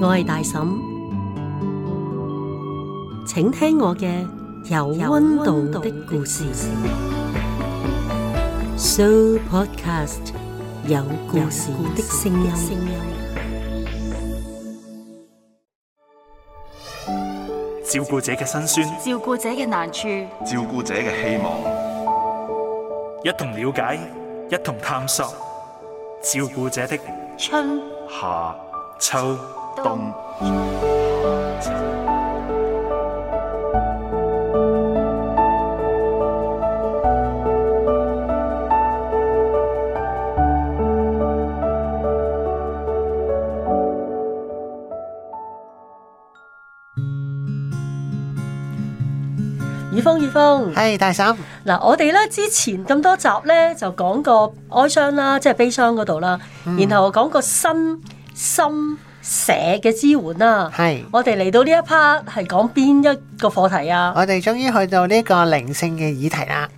我係大嬸，請聽我嘅有溫度的故事。Show Podcast 有故事的聲音。照顧者嘅辛酸，照顧者嘅難處，照顧者嘅希望，一同了解，一同探索，照顧者的春、夏、秋。雨峰，雨峰，係、hey, 大嬸。嗱，我哋咧之前咁多集咧，就講個哀傷啦，即係悲傷嗰度啦，嗯、然後講個心心。社嘅支援啊，係是我哋嚟到呢一 part 係講邊一個課題啊？我哋終於去到呢個靈性嘅議題啦。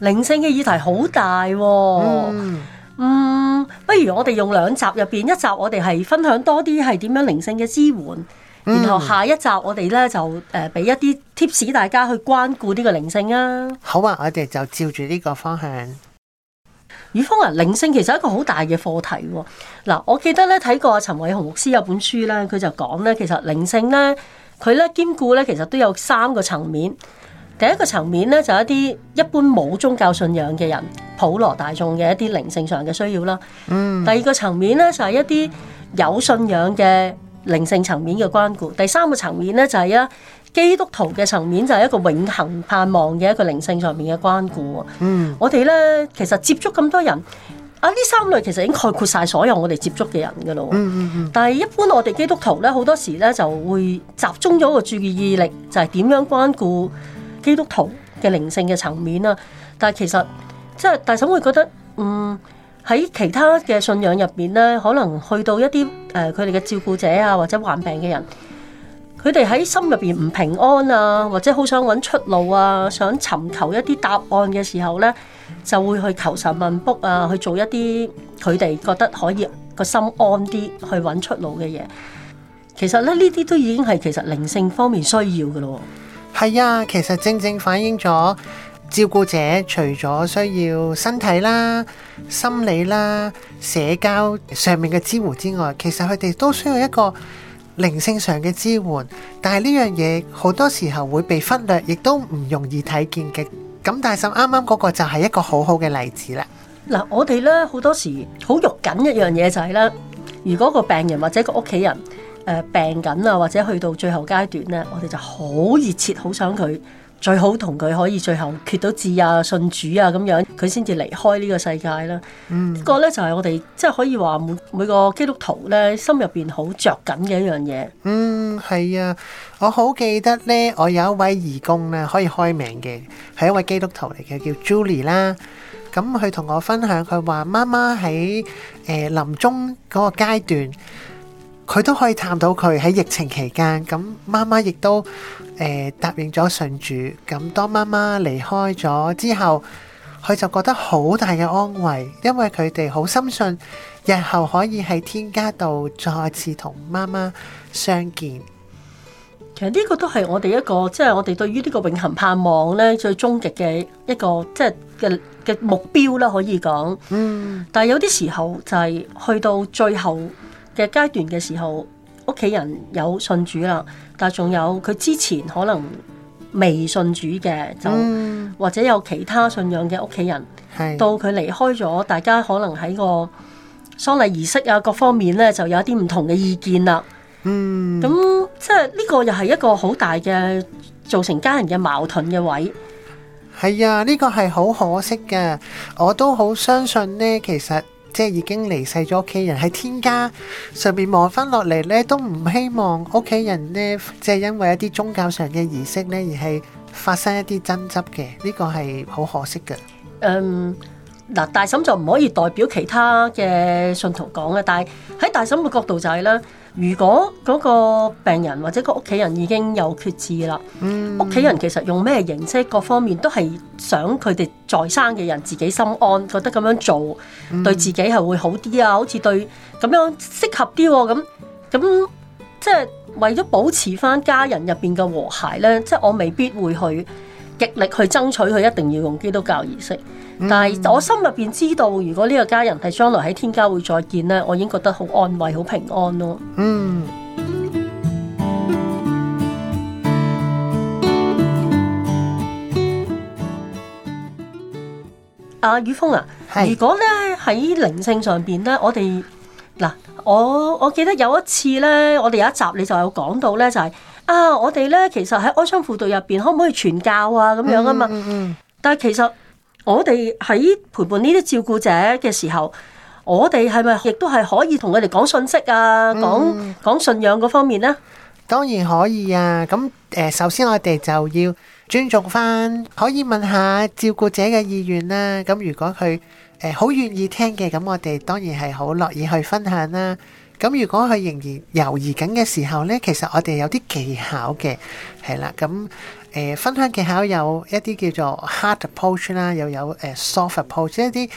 靈性嘅議題好大，哦，嗯，嗯，不如我哋用兩集入邊，一集我哋係分享多啲係點樣靈性嘅支援，嗯、然後下一集我哋咧就誒俾一啲 tips 大家去關顧呢個靈性啊。好啊，我哋就照住呢個方向。宇峰啊，靈性其實係一個好大嘅課題喎、啊。嗱，我記得咧睇過阿陳偉雄牧師有本書咧，佢就講咧其實靈性咧，佢咧兼顧咧其實都有三個層面。第一個層面咧就係、一啲一般冇宗教信仰嘅人普羅大眾嘅一啲靈性上嘅需要啦。嗯。第二個層面咧就係、係、一啲有信仰嘅靈性層面嘅關顧。第三個層面咧就係、係、一。基督徒嘅層面就係一個永恆盼望嘅一個靈性上面嘅關顧。嗯，我哋咧其實接觸咁多人啊，呢三類其實已經概括晒所有我哋接觸嘅人噶咯、嗯。嗯嗯嗯。但係一般我哋基督徒咧，好多時咧就會集中咗個注意意力，就係、是、點樣關顧基督徒嘅靈性嘅層面啦、啊。但係其實即係、就是、大嬸會覺得，嗯，喺其他嘅信仰入邊咧，可能去到一啲誒佢哋嘅照顧者啊，或者患病嘅人。佢哋喺心入邊唔平安啊，或者好想揾出路啊，想尋求一啲答案嘅時候呢，就會去求神問卜啊，去做一啲佢哋覺得可以個心安啲去揾出路嘅嘢。其實咧，呢啲都已經係其實靈性方面需要嘅咯。係啊，其實正正反映咗照顧者除咗需要身體啦、心理啦、社交上面嘅支援之外，其實佢哋都需要一個。靈性上嘅支援，但係呢樣嘢好多時候會被忽略，亦都唔容易睇見嘅。咁大嬸啱啱嗰個就係一個好好嘅例子啦。嗱，我哋咧好多時好肉緊一樣嘢就係、是、咧，如果個病人或者個屋企人誒、呃、病緊啊，或者去到最後階段咧，我哋就好熱切好想佢。最好同佢可以最後決到志啊，信主啊咁樣，佢先至離開呢個世界啦。嗯，呢個咧就係我哋即係可以話每每個基督徒咧心入邊好着緊嘅一樣嘢。嗯，係啊，我好記得咧，我有一位義工咧可以開名嘅，係一位基督徒嚟嘅，叫 Julie 啦。咁佢同我分享，佢話媽媽喺誒、呃、臨終嗰個階段。佢都可以探到佢喺疫情期間，咁媽媽亦都誒、呃、答應咗信主。咁當媽媽離開咗之後，佢就覺得好大嘅安慰，因為佢哋好深信日後可以喺天家度再次同媽媽相見。其實呢個都係我哋一個，即係我哋對於呢個永恆盼望咧最終極嘅一個，即係嘅嘅目標啦，可以講。嗯，但係有啲時候就係去到最後。嘅階段嘅時候，屋企人有信主啦，但仲有佢之前可能未信主嘅，就、嗯、或者有其他信仰嘅屋企人，是到佢離開咗，大家可能喺個喪禮儀式啊，各方面咧就有一啲唔同嘅意見啦。嗯，咁即係呢個又係一個好大嘅造成家人嘅矛盾嘅位。係啊，呢個係好可惜嘅，我都好相信呢，其實。即係已經離世咗，屋企人喺天家上面望翻落嚟咧，都唔希望屋企人咧，即係因為一啲宗教上嘅儀式咧，而係發生一啲爭執嘅，呢個係好可惜嘅。嗯，嗱，大嬸就唔可以代表其他嘅信徒講啊，但係喺大嬸嘅角度就係咧。如果嗰個病人或者個屋企人已經有決志啦，嗯、屋企人其實用咩形式各方面都係想佢哋在生嘅人自己心安，覺得咁樣做對自己係會好啲啊，嗯、好似對咁樣適合啲喎、啊，咁咁即係為咗保持翻家人入邊嘅和諧咧，即係我未必會去。極力去爭取佢一定要用基督教儀式，但係我心入邊知道，如果呢個家人係將來喺天家會再見咧，我已經覺得好安慰、好平安咯。嗯。阿宇峰啊，啊是如果咧喺靈性上邊咧，我哋嗱，我我記得有一次咧，我哋有一集你就有講到咧，就係、是。啊！我哋咧，其實喺哀傷輔導入邊，可唔可以傳教啊？咁樣啊嘛。嗯。但係其實我哋喺陪伴呢啲照顧者嘅時候，我哋係咪亦都係可以同佢哋講信息啊？講講信仰嗰方面呢，當然可以啊。咁誒，首先我哋就要尊重翻，可以問下照顧者嘅意願啦。咁如果佢誒好願意聽嘅，咁我哋當然係好樂意去分享啦。咁如果佢仍然猶豫緊嘅時候咧，其實我哋有啲技巧嘅，係啦。咁誒、呃、分享技巧有一啲叫做 hard approach 啦，又有誒 soft approach，一啲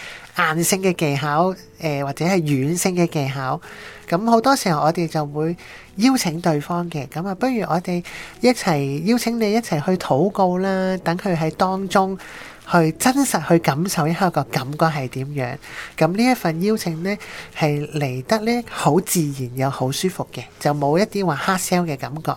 硬性嘅技巧，誒、呃、或者係軟性嘅技巧。咁好多時候我哋就會邀請對方嘅，咁啊，不如我哋一齊邀請你一齊去禱告啦，等佢喺當中，去真實去感受一下個感覺係點樣？咁呢一份邀請呢，係嚟得呢好自然又好舒服嘅，就冇一啲話 hard sell 嘅感覺。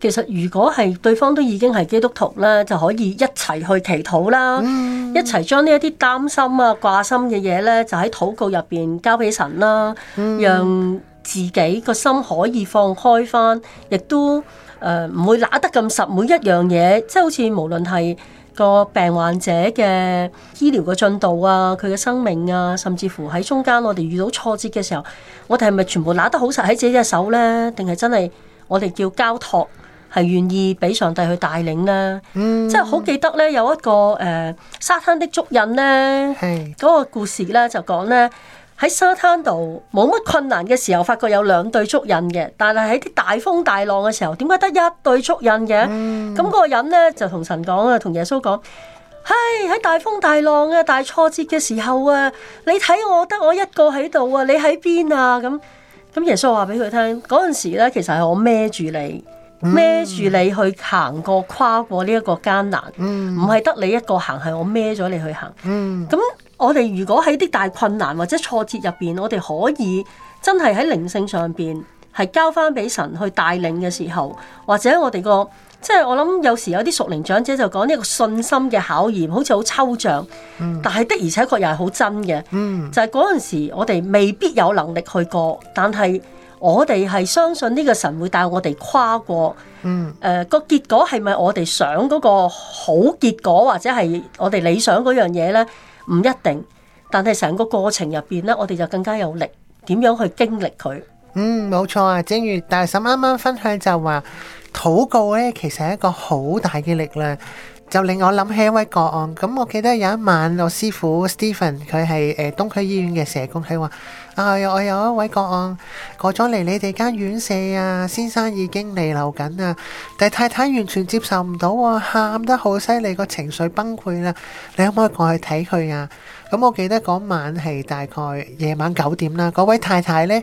其實如果係對方都已經係基督徒啦，就可以一齊去祈禱啦，嗯、一齊將呢一啲擔心啊、掛心嘅嘢呢，就喺禱告入邊交俾神啦，嗯、讓自己個心可以放開翻，亦都誒唔、呃、會揦得咁實每一樣嘢，即、就、係、是、好似無論係。個病患者嘅醫療嘅進度啊，佢嘅生命啊，甚至乎喺中間我哋遇到挫折嘅時候，我哋係咪全部拿得好實喺自己隻手呢？定係真係我哋叫交託，係願意俾上帝去帶領呢？嗯，即係好記得呢，有一個誒、呃、沙灘的足印呢，嗰是個故事呢，就講呢。喺沙灘度冇乜困難嘅時候，發覺有兩對足印嘅，但係喺啲大風大浪嘅時候，點解得一對足印嘅？咁嗰、嗯、個人咧就同神講啊，同耶穌講：唉，喺大風大浪啊、大挫折嘅時候啊，你睇我得我一個喺度啊，你喺邊啊？咁咁耶穌話俾佢聽，嗰陣時咧，其實係我孭住你，孭住、嗯、你去行過跨過呢一個艱難，唔係得你一個行，係我孭咗你去行。咁、嗯嗯我哋如果喺啲大困難或者挫折入邊，我哋可以真係喺靈性上邊係交翻俾神去帶領嘅時候，或者我哋個即係我諗有時有啲屬靈長者就講呢個信心嘅考驗，好似好抽象，但係的而且確又係好真嘅。就係嗰陣時我哋未必有能力去過，但係我哋係相信呢個神會帶我哋跨過。嗯、呃，誒、那，個結果係咪我哋想嗰個好結果，或者係我哋理想嗰樣嘢呢？唔一定，但係成個過程入邊呢，我哋就更加有力，點樣去經歷佢？嗯，冇錯啊！正如大嬸啱啱分享就話，禱告呢其實係一個好大嘅力量，就令我諗起一位個案。咁我記得有一晚，我師傅 Stephen 佢係誒東區醫院嘅社工，佢話。哎，我有一位個案過咗嚟，你哋間院舍啊，先生已經彌留緊啦，但太太完全接受唔到，啊，喊得好犀利，個情緒崩潰啦，啊，你可唔可以過去睇佢啊？咁、嗯、我記得嗰晚係大概夜晚九點啦，嗰位太太呢。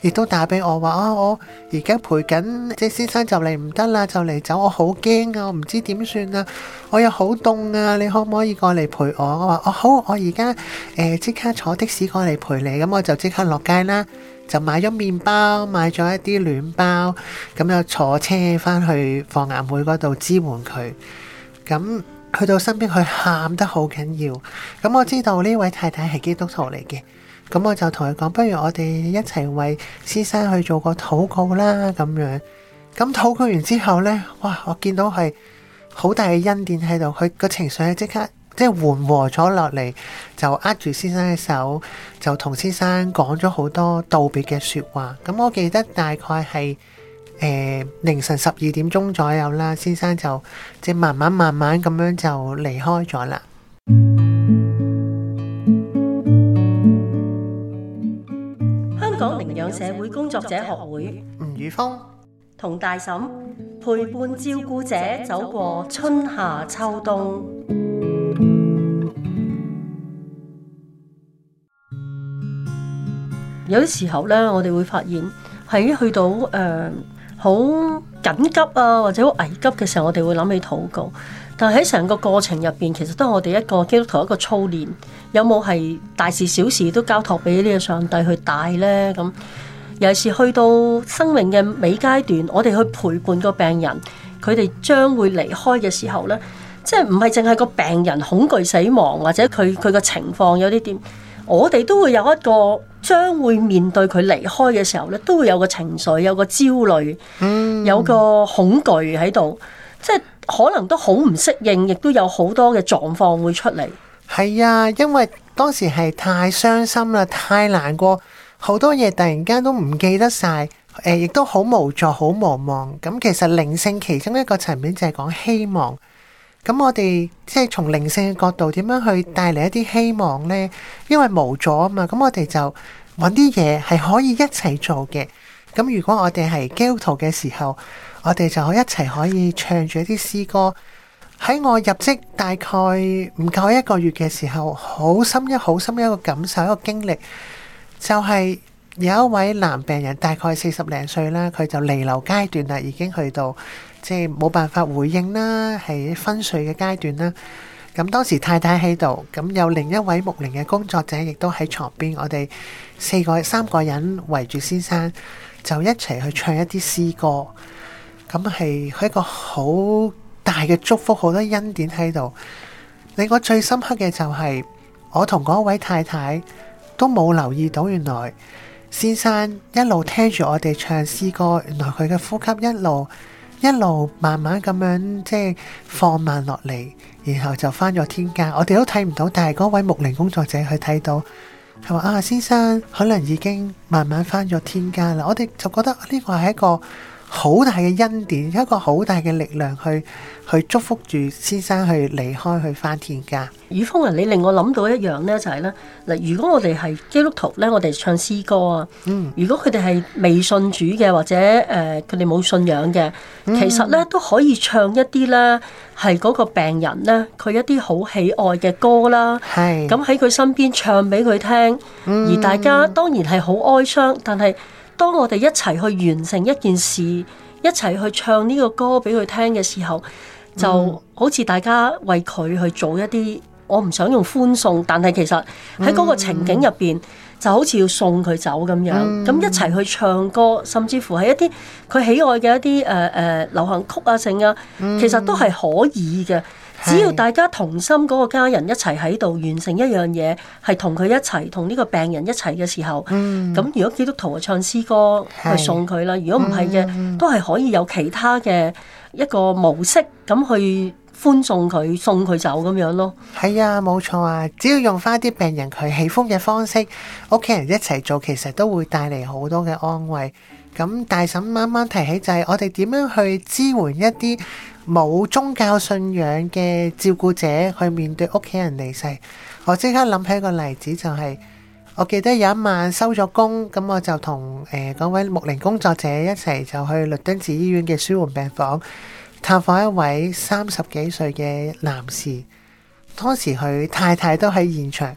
亦都打俾我話啊、哦，我而家陪緊謝先生就嚟唔得啦，就嚟走，我好驚啊，我唔知點算啊，我又好凍啊，你可唔可以過嚟陪我？我話哦，好，我而家誒即刻坐的士過嚟陪你，咁、嗯、我就即刻落街啦，就買咗麵包，買咗一啲暖包，咁、嗯、又坐車翻去放眼會嗰度支援佢，咁、嗯、去到身邊，佢喊得好緊要，咁、嗯、我知道呢位太太係基督徒嚟嘅。咁我就同佢講，不如我哋一齊為先生去做個禱告啦，咁樣。咁禱告完之後呢，哇！我見到係好大嘅恩典喺度，佢個情緒即刻即係緩和咗落嚟，就握住先生嘅手，就同先生講咗好多道別嘅説話。咁我記得大概係誒、呃、凌晨十二點鐘左右啦，先生就即慢慢慢慢咁樣就離開咗啦。工作者學會吳宇峰同大嬸陪伴照顧者走過春夏秋冬。有啲時候咧，我哋會發現喺去到誒好緊急啊，或者好危急嘅時候，我哋會諗起禱告。但係喺成個過程入邊，其實都係我哋一個基督徒一個操練。有冇係大事小事都交託俾呢個上帝去帶咧？咁？尤其是去到生命嘅尾階段，我哋去陪伴個病人，佢哋將會離開嘅時候咧，即係唔係淨係個病人恐懼死亡，或者佢佢個情況有啲點，我哋都會有一個將會面對佢離開嘅時候咧，都會有個情緒，有個焦慮，有個恐懼喺度，嗯、即係可能都好唔適應，亦都有好多嘅狀況會出嚟。係啊，因為當時，係太傷心啦，太難過。好多嘢突然間都唔記得晒，誒，亦都好無助、好無望。咁其實靈性其中一個層面就係講希望。咁我哋即係從靈性嘅角度，點樣去帶嚟一啲希望呢？因為無助啊嘛，咁我哋就揾啲嘢係可以一齊做嘅。咁如果我哋係基督徒嘅時候，我哋就可一齊可以唱住一啲詩歌。喺我入職大概唔夠一個月嘅時候，好深一好深一個感受一個經歷。就係有一位男病人，大概四十零歲啦，佢就彌留階段啦，已經去到即係冇辦法回應啦，係昏睡嘅階段啦。咁當時太太喺度，咁有另一位牧靈嘅工作者亦都喺床邊，我哋四個三個人圍住先生，就一齊去唱一啲詩歌。咁係佢一個好大嘅祝福，好多恩典喺度。令我最深刻嘅就係、是、我同嗰位太太。都冇留意到，原來先生一路聽住我哋唱詩歌，原來佢嘅呼吸一路一路，一路慢慢咁樣即係放慢落嚟，然後就返咗天家。我哋都睇唔到，但係嗰位牧靈工作者佢睇到，佢話啊，先生可能已經慢慢返咗天家啦。我哋就覺得呢個係一個好大嘅恩典，一個好大嘅力量去，去去祝福住先生去離開去返田家。雨峰啊，你令我諗到一樣呢，就係呢：嗱，如果我哋係基督徒呢，我哋唱詩歌啊。嗯。如果佢哋係未信主嘅，或者誒佢哋冇信仰嘅，其實呢都可以唱一啲呢係嗰個病人呢，佢一啲好喜愛嘅歌啦。係。咁喺佢身邊唱俾佢聽，嗯、而大家當然係好哀傷，但係。當我哋一齊去完成一件事，一齊去唱呢個歌俾佢聽嘅時候，嗯、就好似大家為佢去做一啲，我唔想用歡送，但係其實喺嗰個情景入邊，嗯、就好似要送佢走咁樣，咁、嗯、一齊去唱歌，甚至乎係一啲佢喜愛嘅一啲誒誒流行曲啊性啊，其實都係可以嘅。是只要大家同心，嗰個家人一齊喺度完成一樣嘢，係同佢一齊同呢個病人一齊嘅時候，咁、嗯、如果基督徒唱詩歌是去送佢啦，如果唔係嘅，嗯、都係可以有其他嘅一個模式，咁去歡送佢送佢走咁樣咯。係啊，冇錯啊，只要用翻啲病人佢喜歡嘅方式，屋企人一齊做，其實都會帶嚟好多嘅安慰。咁大嬸啱啱提起就係我哋點樣去支援一啲。冇宗教信仰嘅照顧者去面對屋企人離世，我即刻諗起一個例子就係，我記得有一晚收咗工，咁我就同誒嗰位牧靈工作者一齊就去律敦治醫院嘅舒緩病房探訪一位三十幾歲嘅男士。當時佢太太都喺現場，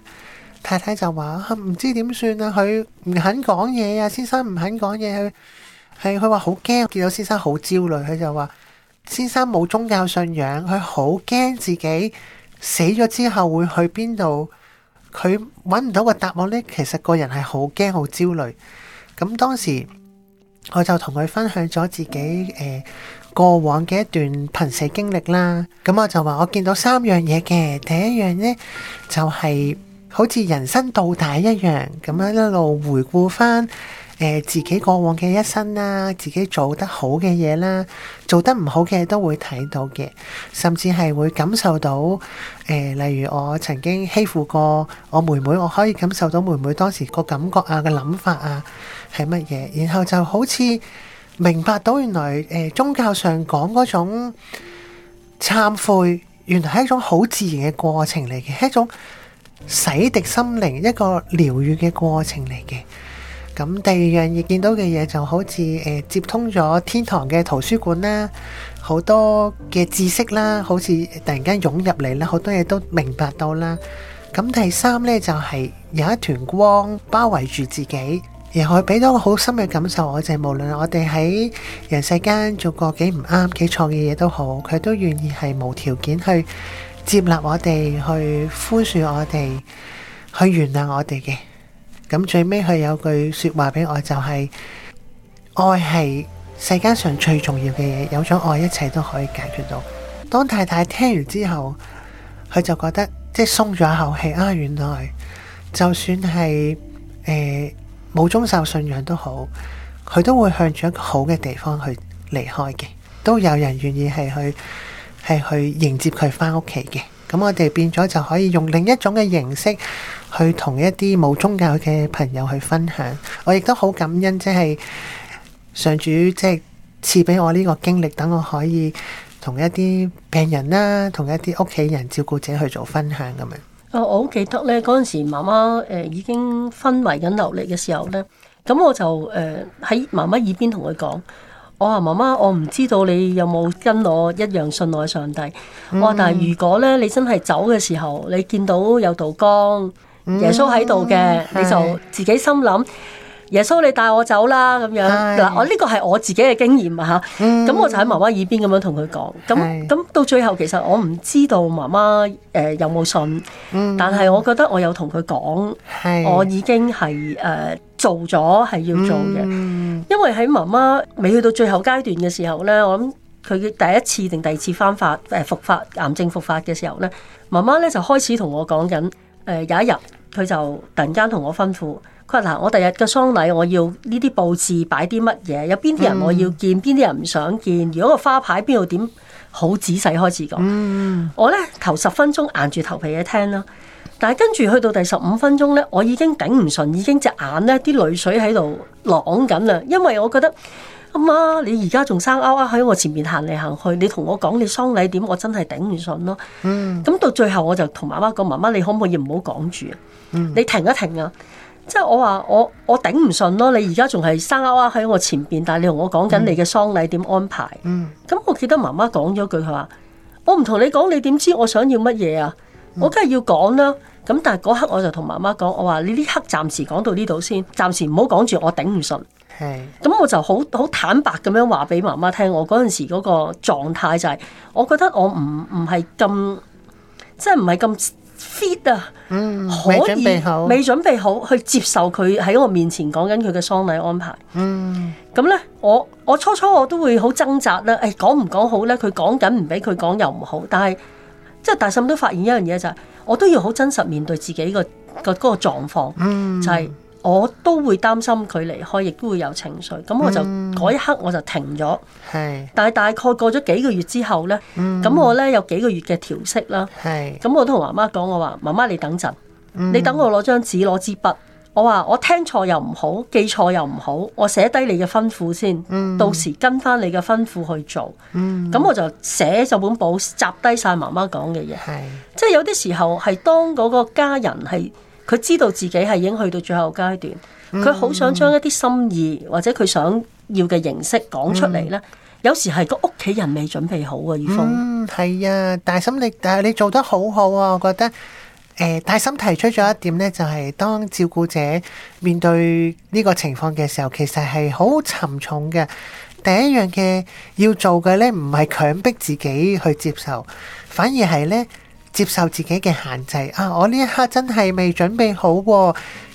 太太就話唔知點算啊，佢唔肯講嘢啊，先生唔肯講嘢，佢係佢話好驚，見到先生好焦慮，佢就話。先生冇宗教信仰，佢好驚自己死咗之後會去邊度，佢揾唔到個答案咧。其實個人係好驚、好焦慮。咁當時我就同佢分享咗自己誒、呃、過往嘅一段瀕死經歷啦。咁我就話我見到三樣嘢嘅，第一樣咧就係、是。好似人生到大一樣，咁樣一路回顧翻，誒自己過往嘅一生啦，自己做得好嘅嘢啦，做得唔好嘅都會睇到嘅，甚至係會感受到，誒例如我曾經欺負過我妹妹，我可以感受到妹妹當時個感覺啊、嘅諗法啊係乜嘢，然後就好似明白到原來，誒宗教上講嗰種懺悔，原來係一種好自然嘅過程嚟嘅，係一種。洗滌心靈一個療愈嘅過程嚟嘅，咁第二樣嘢見到嘅嘢就好似誒、呃、接通咗天堂嘅圖書館啦，好多嘅知識啦，好似突然間湧入嚟啦，好多嘢都明白到啦。咁第三呢，就係、是、有一團光包圍住自己，然後可以俾到我好深嘅感受，我就係無論我哋喺人世間做過幾唔啱、幾錯嘅嘢都好，佢都願意係無條件去。接納我哋，去寬恕我哋，去原諒我哋嘅。咁最尾佢有句說話俾我，就係愛係世間上最重要嘅嘢，有咗愛，一切都可以解決到。當太太聽完之後，佢就覺得即係鬆咗一口氣。啊，原來就算係誒冇宗教信仰都好，佢都會向住一個好嘅地方去離開嘅。都有人願意係去。係去迎接佢返屋企嘅，咁我哋變咗就可以用另一種嘅形式去同一啲冇宗教嘅朋友去分享。我亦都好感恩，即係上主即係賜俾我呢個經歷，等我可以同一啲病人啦，同一啲屋企人、照顧者去做分享咁樣。哦，我好記得呢嗰陣時媽媽誒已經昏迷緊、流利嘅時候呢。咁我就誒喺媽媽耳邊同佢講。我話，媽媽，我唔知道你有冇跟我一樣，信我上帝。嗯、我話，但係如果咧，你真係走嘅時候，你見到有道光、嗯、耶穌喺度嘅，是你就自己心諗，耶穌你帶我走啦咁樣嗱。我呢個係我自己嘅經驗啊吓。咁、嗯、我就喺媽媽耳邊咁樣同佢講。咁咁是到最後，其實我唔知道媽媽誒有冇信，嗯、但係我覺得我有同佢講，我已經係誒。是是做咗係要做嘅，嗯、因為喺媽媽未去到最後階段嘅時候呢，我諗佢第一次定第二次翻、呃、發誒復發癌症復發嘅時候呢，媽媽呢就開始同我講緊誒有一日佢就突然間同我吩咐，佢話嗱，我第日嘅喪禮我要呢啲布置擺啲乜嘢，有邊啲人我要見，邊啲人唔想見，如果個花牌邊度點好仔細開始講，嗯、我呢頭十分鐘硬住頭皮去聽啦。但係跟住去到第十五分鐘咧，我已經頂唔順，已經隻眼咧啲淚水喺度淌緊啦。因為我覺得阿媽，你而家仲生勾勾喺我前面行嚟行去，你同我講你喪禮點，我真係頂唔順咯。嗯，咁到最後我就同媽媽講：媽媽，你可唔可以唔好講住？嗯，你停一停啊！即係我話我我頂唔順咯。你而家仲係生勾勾喺我前邊，但係你同我講緊你嘅喪禮點安排。嗯，咁，嗯，嗯，我記得媽媽講咗句，佢話：我唔同你講，你點知我想要乜嘢啊？我梗係要講啦。嗯麼咁但係嗰刻我就同媽媽講，我話你呢刻暫時講到呢度先，暫時唔好講住，我頂唔順。係咁、嗯、我就好好坦白咁樣話俾媽媽聽，我嗰陣時嗰個狀態就係、是，我覺得我唔唔係咁，即係唔係咁 fit 啊。嗯、可以未準備好，準備好去接受佢喺我面前講緊佢嘅喪禮安排。嗯，咁咧我我初初我都會、哎、好掙扎啦。誒講唔講好咧？佢講緊唔俾佢講又唔好，但係即係大嬸都發現一樣嘢就係、是。我都要好真實面對自己個個嗰狀況，就係我都會擔心佢離開，亦都會有情緒。咁我就嗰一刻我就停咗。係，但係大概過咗幾個月之後咧，咁我咧有幾個月嘅調適啦。係，咁我都同媽媽講，我話媽媽你等陣，你等我攞張紙攞支筆。我話我聽錯又唔好，記錯又唔好，我寫低你嘅吩咐先，到時跟翻你嘅吩咐去做。咁我就寫咗本簿，集低晒媽媽講嘅嘢。有啲時候係當嗰個家人係佢知道自己係已經去到最後階段，佢好、嗯、想將一啲心意或者佢想要嘅形式講出嚟咧。嗯、有時係個屋企人未準備好啊，雨峰。嗯，係啊，大嬸你，但係你做得好好啊，我覺得。誒、呃，大嬸提出咗一點咧，就係當照顧者面對呢個情況嘅時候，其實係好沉重嘅。第一樣嘅要做嘅咧，唔係強迫自己去接受，反而係咧。接受自己嘅限制啊！我呢一刻真係未準備好，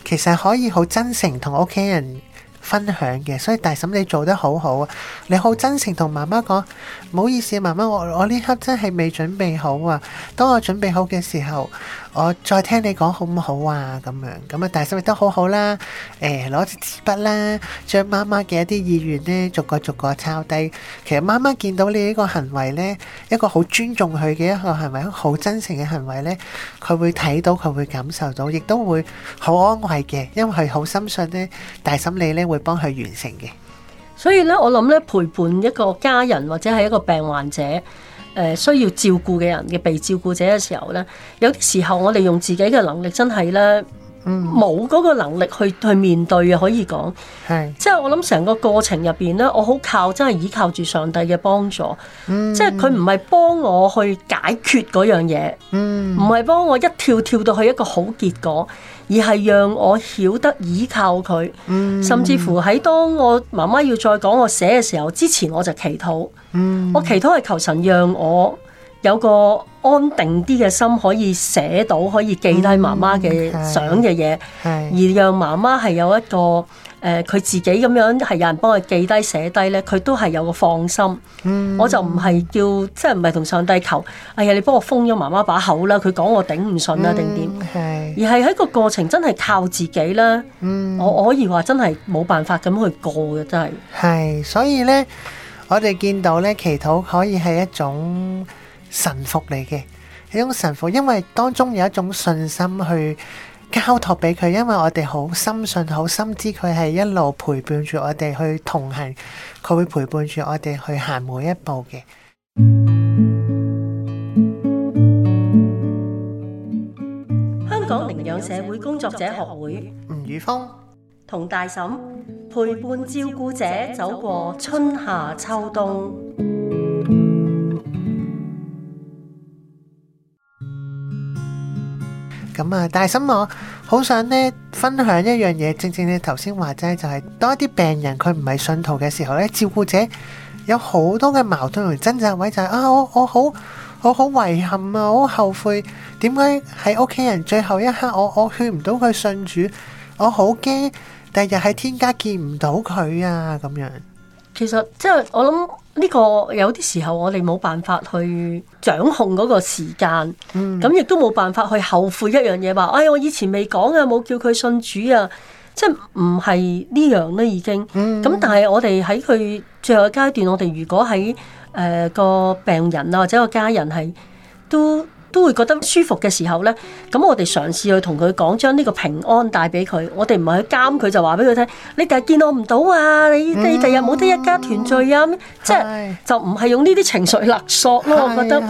其實可以好真誠同屋企人分享嘅，所以大嬸你做得好好啊！你好真誠同媽媽講。唔好意思，媽媽，我我呢刻真係未準備好啊！當我準備好嘅時候，我再聽你講好唔好啊？咁樣咁啊，大嬸亦都好好啦。誒，攞支筆啦，將媽媽嘅一啲意願呢逐個逐個抄低。其實媽媽見到你呢個行為呢，一個好尊重佢嘅一個行為，好真誠嘅行為呢，佢會睇到，佢會感受到，亦都會好安慰嘅，因為佢好深信呢，大嬸你呢會幫佢完成嘅。所以咧，我諗咧，陪伴一個家人或者係一個病患者，誒需要照顧嘅人嘅被照顧者嘅時候咧，有啲時候我哋用自己嘅能力真係咧，冇嗰個能力去去面對嘅，可以講，係是即係我諗成個過程入邊咧，我好靠真係依靠住上帝嘅幫助，嗯、即係佢唔係幫我去解決嗰樣嘢，唔係幫我一跳跳到去一個好結果。而係讓我曉得依靠佢，嗯、甚至乎喺當我媽媽要再講我寫嘅時候，之前我就祈禱，嗯、我祈禱係求神讓我，有個安定啲嘅心，可以寫到，可以記低媽媽嘅想嘅嘢，嗯、而讓媽媽係有一個誒，佢、呃、自己咁樣係有人幫佢記低寫低咧，佢都係有個放心。嗯、我就唔係叫，即係唔係同上帝求，哎呀，你幫我封咗媽媽把口啦，佢講我頂唔順啦，定點，係、嗯，而係喺個過程真係靠自己啦。我、嗯、我可以話真係冇辦法咁去過嘅，真係係，所以咧，我哋見到咧，祈禱可以係一種，神服嚟嘅係一種神服，因為當中有一種信心去交託俾佢，因為我哋好深信，好深知佢係一路陪伴住我哋去同行，佢會陪伴住我哋去行每一步嘅。香港領養社會工作者學會吳宇峰同大嬸陪伴照顧者走過春夏秋冬。咁啊，但係心我好想咧分享一樣嘢，正正你頭先話齋就係多一啲病人佢唔係信徒嘅時候咧，照顧者有好多嘅矛盾同掙扎位就係啊，我我好我好遺憾啊，好後悔，點解喺屋企人最後一刻我我勸唔到佢信主，我好驚第日喺天家見唔到佢啊咁樣。其實即係、就是、我諗呢、呢個有啲時候我哋冇辦法去掌控嗰個時間，咁亦都冇辦法去後悔一樣嘢話，哎，我以前未講啊，冇叫佢信主啊，即係唔係呢樣咧已經。咁、嗯、但係我哋喺佢最後階段，我哋如果喺誒、呃、個病人啊或者個家人係都，都會覺得舒服嘅時候咧，咁我哋嘗試去同佢講，將呢個平安帶俾佢。我哋唔係去監佢，就話俾佢聽，你第日見我唔到啊！你、嗯、你第日冇得一家團聚啊！嗯、即係是就唔係用呢啲情緒勒索咯。我覺得，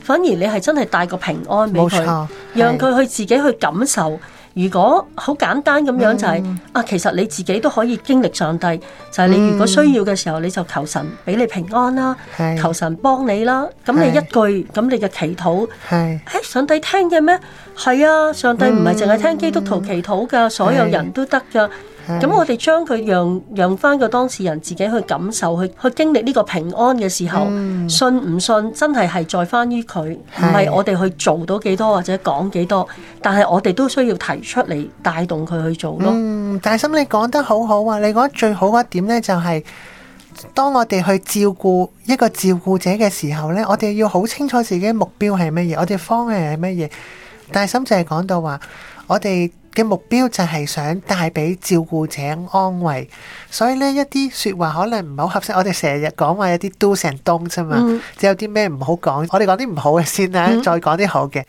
反而你係真係帶個平安俾佢，讓佢去自己去感受。是如果好簡單咁樣就係、是嗯、啊，其實你自己都可以經歷上帝，就係、是、你如果需要嘅時候，你就求神俾你平安啦，是求神幫你啦。咁你一句咁是你嘅祈禱，誒是、哎、上帝聽嘅咩？係啊，上帝唔係淨係聽基督徒祈禱㗎，嗯、所有人都得㗎。是咁、嗯、我哋將佢讓讓翻個當事人自己去感受，去去經歷呢個平安嘅時候，嗯、信唔信真係係再翻於佢，唔係、嗯、我哋去做到幾多或者講幾多，但係我哋都需要提出嚟帶動佢去做咯。嗯、大森你講得好好啊！你講得最好一點呢、就係，就係當我哋去照顧一個照顧者嘅時候呢，我哋要好清楚自己目標係乜嘢，我哋方向係乜嘢。大森就係講到話，我哋。嘅目標就係想帶俾照顧者安慰，所以呢，一啲説話可能唔係好合適。我哋成日講話有啲 do and don't 啫嘛，只有啲咩唔好講，我哋講啲唔好嘅先啦，mm hmm。再講啲好嘅。誒、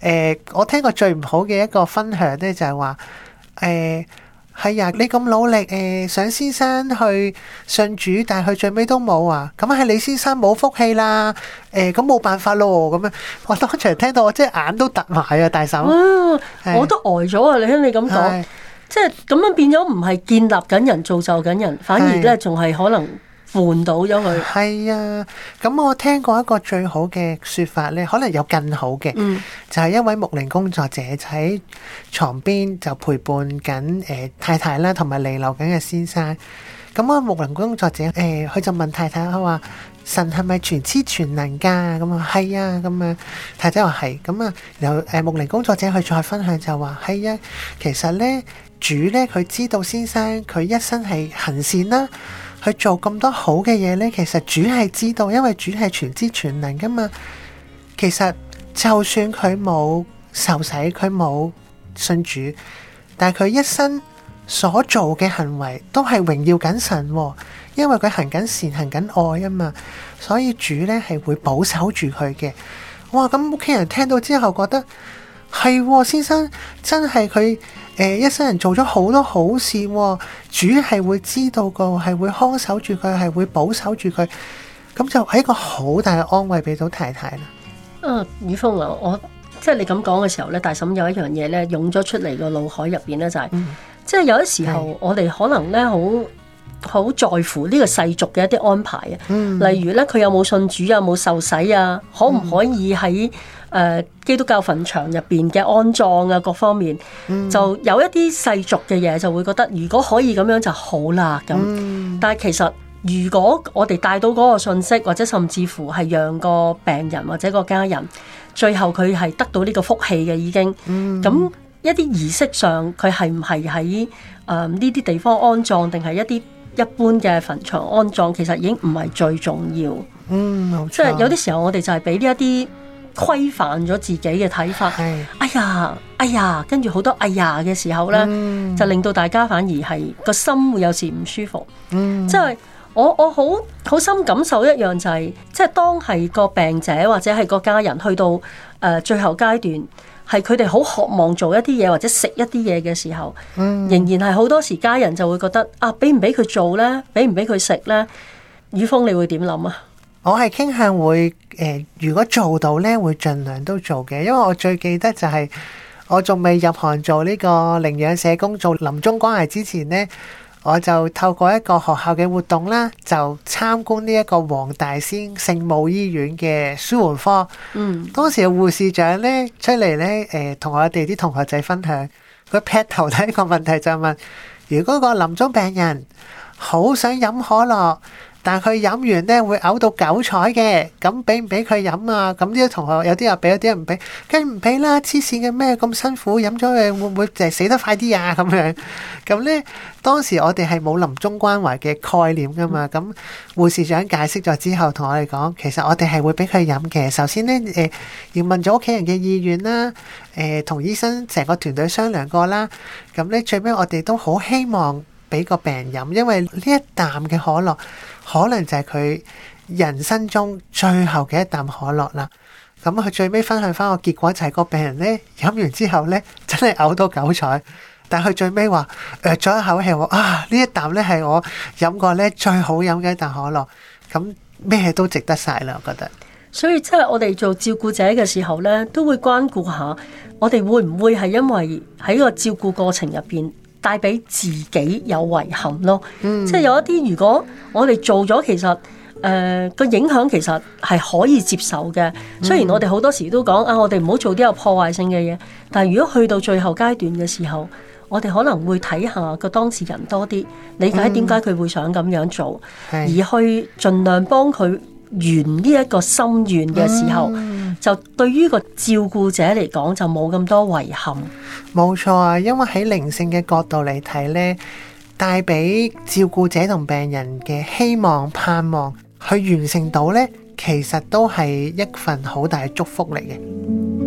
呃，我聽過最唔好嘅一個分享呢，就係話誒。係啊、哎，你咁努力誒、呃，想先生去信主，但係佢最尾都冇啊，咁係你先生冇福氣啦，誒、呃，咁冇辦法咯，咁樣，我當場聽到我即係眼都突埋啊，大嫂是，我都呆咗啊，你聽你咁講，是即係咁樣變咗唔係建立緊人，造就緊人，反而咧仲係可能。換到咗佢係啊！咁我聽過一個最好嘅說法咧，可能有更好嘅，嗯、就係一位牧靈工作者喺床邊就陪伴緊誒、呃、太太啦，同埋彌留緊嘅先生。咁啊，牧靈工作者誒，佢、呃、就問太太：佢話神係咪全知全能噶？咁啊，係啊！咁啊，太太話係。咁啊，然後誒，牧靈工作者佢再分享就話：係啊，其實咧主咧佢知道先生佢一生係行善啦。去做咁多好嘅嘢咧，其實主係知道，因為主係全知全能噶嘛。其實就算佢冇受洗，佢冇信主，但係佢一生所做嘅行為都係榮耀緊神，因為佢行緊善行緊愛啊嘛，所以主咧係會保守住佢嘅。哇！咁屋企人聽到之後覺得。係、哦，先生真係佢誒，一生人做咗好多好事、哦，主係會知道個，係會看守住佢，係會保守住佢，咁就係一個好大嘅安慰俾到太太啦。嗯、啊，宇峰啊，我即係你咁講嘅時候咧，大嬸有一樣嘢咧湧咗出嚟個腦海入邊咧，就係、嗯、即係有啲時候是我哋可能咧好好在乎呢個世俗嘅一啲安排啊，嗯、例如咧佢有冇信主啊，有冇受洗啊，可唔可以喺？嗯誒、呃、基督教墳場入邊嘅安葬啊，各方面、嗯、就有一啲世俗嘅嘢，就會覺得如果可以咁樣就好啦。咁、嗯，但係其實如果我哋帶到嗰個信息，或者甚至乎係讓個病人或者個家人，最後佢係得到呢個福氣嘅已經。咁、嗯、一啲儀式上，佢係唔係喺誒呢啲地方安葬，定係一啲一般嘅墳場安葬？其實已經唔係最重要。嗯，即係有啲時候我哋就係俾呢一啲。規範咗自己嘅睇法，是哎呀，哎呀，跟住好多哎呀嘅時候呢，嗯、就令到大家反而係個心會有時唔舒服。即係、嗯、我我好好深感受一樣就係、是、即、就、係、是、當係個病者或者係個家人去到誒、呃、最後階段，係佢哋好渴望做一啲嘢或者食一啲嘢嘅時候，嗯、仍然係好多時家人就會覺得啊，俾唔俾佢做呢？俾唔俾佢食呢？」宇峰你會點諗啊？我係傾向會誒、呃，如果做到咧，會盡量都做嘅。因為我最記得就係、是、我仲未入行做呢個靈養社工，做臨終關懷之前咧，我就透過一個學校嘅活動啦，就參觀呢一個黃大仙聖母醫院嘅舒緩科。嗯，當時嘅護士長咧出嚟，咧，誒、呃，同我哋啲同學仔分享，佢劈頭第一個問題就問：如果個臨終病人好想飲可樂？但佢飲完咧會嘔到九彩嘅，咁俾唔俾佢飲啊？咁、嗯、啲同學有啲又俾，有啲唔俾，梗唔俾啦！黐線嘅咩，咁辛苦飲咗，佢會唔會就死得快啲啊？咁樣咁咧、嗯，當時我哋係冇臨終關懷嘅概念噶嘛？咁、嗯嗯嗯、護士長解釋咗之後，同我哋講，其實我哋係會俾佢飲嘅。首先咧，誒、呃、要問咗屋企人嘅意願啦，誒、呃、同醫生成個團隊商量過啦。咁、嗯、咧最尾我哋都好希望俾個病人飲，因為呢一啖嘅可樂，可能就係佢人生中最後嘅一啖可樂啦。咁佢最尾分享翻個結果就係個病人呢飲完之後呢，真係嘔到九彩，但佢最尾話誒，最、呃、一口氣話啊，呢一啖呢係我飲過呢最好飲嘅一啖可樂，咁咩都值得晒啦。我覺得。所以即係我哋做照顧者嘅時候呢，都會關顧下我哋會唔會係因為喺個照顧過程入邊。帶俾自己有遺憾咯，嗯、即係有一啲，如果我哋做咗，其實誒、呃嗰個影響其實係可以接受嘅。嗯、雖然我哋好多時都講啊，我哋唔好做啲有破壞性嘅嘢，但係如果去到最後階段嘅時候，我哋可能會睇下個當事人多啲，理解點解佢會想咁樣做，嗯、而去盡量幫佢圓呢一個心願嘅時候。嗯就對於個照顧者嚟講，就冇咁多遺憾。冇錯啊，因為喺靈性嘅角度嚟睇咧，帶俾照顧者同病人嘅希望、盼望，去完成到咧，其實都係一份好大祝福嚟嘅。